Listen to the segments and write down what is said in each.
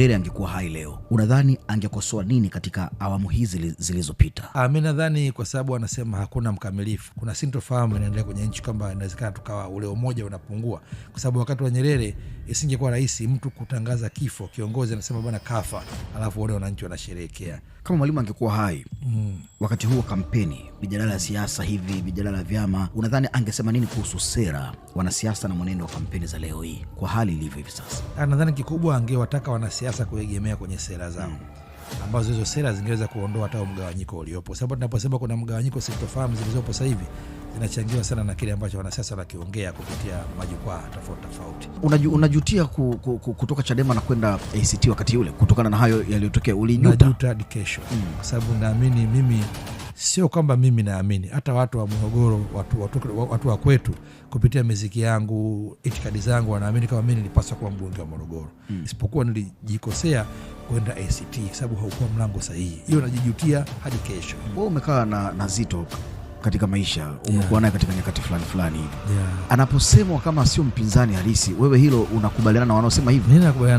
Nyerere angekuwa hai leo, unadhani angekosoa nini katika awamu hizi zilizopita? Ah, mi nadhani kwa sababu anasema hakuna mkamilifu, kuna sintofahamu inaendelea kwenye nchi kwamba inawezekana tukawa ule umoja unapungua, kwa sababu wakati wa Nyerere isingekuwa rahisi mtu kutangaza kifo, kiongozi anasema bwana kafa, alafu wale wananchi wanasherehekea. Kama Mwalimu angekuwa hai mm, wakati huu wa kampeni mijadala ya siasa hivi, mijadala ya vyama, unadhani angesema nini kuhusu sera wanasiasa na mwenendo wa kampeni za leo hii kwa hali ilivyo hivi sasa? Ah, nadhani kikubwa angewataka wanasiasa kuegemea kwenye sera zao hmm ambazo hizo sera zingeweza kuondoa hata mgawanyiko uliopo, sababu tunaposema kuna mgawanyiko, sintofahamu zilizopo sasa hivi zinachangiwa sana na kile ambacho wanasiasa wanakiongea kupitia majukwaa tofauti tofauti. Unaju, unajutia ku, ku, ku, kutoka Chadema na kwenda ACT wakati ule kutokana na hayo yaliyotokea, ulijuta kesho? Hmm. kwa sababu naamini mimi Sio kwamba mimi naamini, hata watu wa Morogoro, watu, watu, watu wa kwetu kupitia miziki yangu, itikadi zangu, wanaamini kama mimi nilipaswa kuwa mbunge wa Morogoro mm. Isipokuwa nilijikosea kwenda ACT kwa sababu haukuwa mlango sahihi. Hiyo najijutia hadi kesho. Wewe umekaa na, na Zito katika maisha umekuwa yeah. naye katika nyakati fulani fulani hivi yeah. anaposemwa kama sio mpinzani halisi, wewe hilo unakubaliana na wanaosema hivyo? na,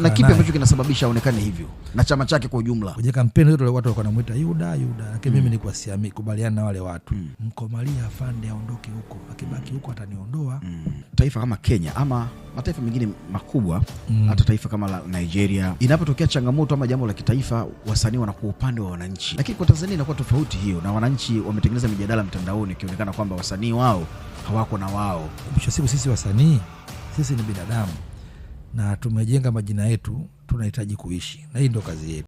na kipi ambacho kinasababisha aonekane hivyo na chama chake kwa ujumla? Kwenye kampeni zote watu walikuwa wanamuita Yuda Yuda, lakini mm. mimi nilikuwa siamini kubaliana na wale watu mm. Mkomalia afande aondoke huko, akibaki mm. huko ataniondoa mm mataifa kama Kenya ama mataifa mengine makubwa mm. hata mm. taifa kama la Nigeria, inapotokea changamoto ama jambo la kitaifa, wasanii wanakuwa upande wa wananchi, lakini kwa Tanzania inakuwa tofauti hiyo, na wananchi wametengeneza mijadala mtandaoni ikionekana kwamba wasanii wao hawako na wao. Mwisho siku sisi wasanii, sisi ni binadamu na tumejenga majina yetu, tunahitaji kuishi, na hii ndio kazi yetu.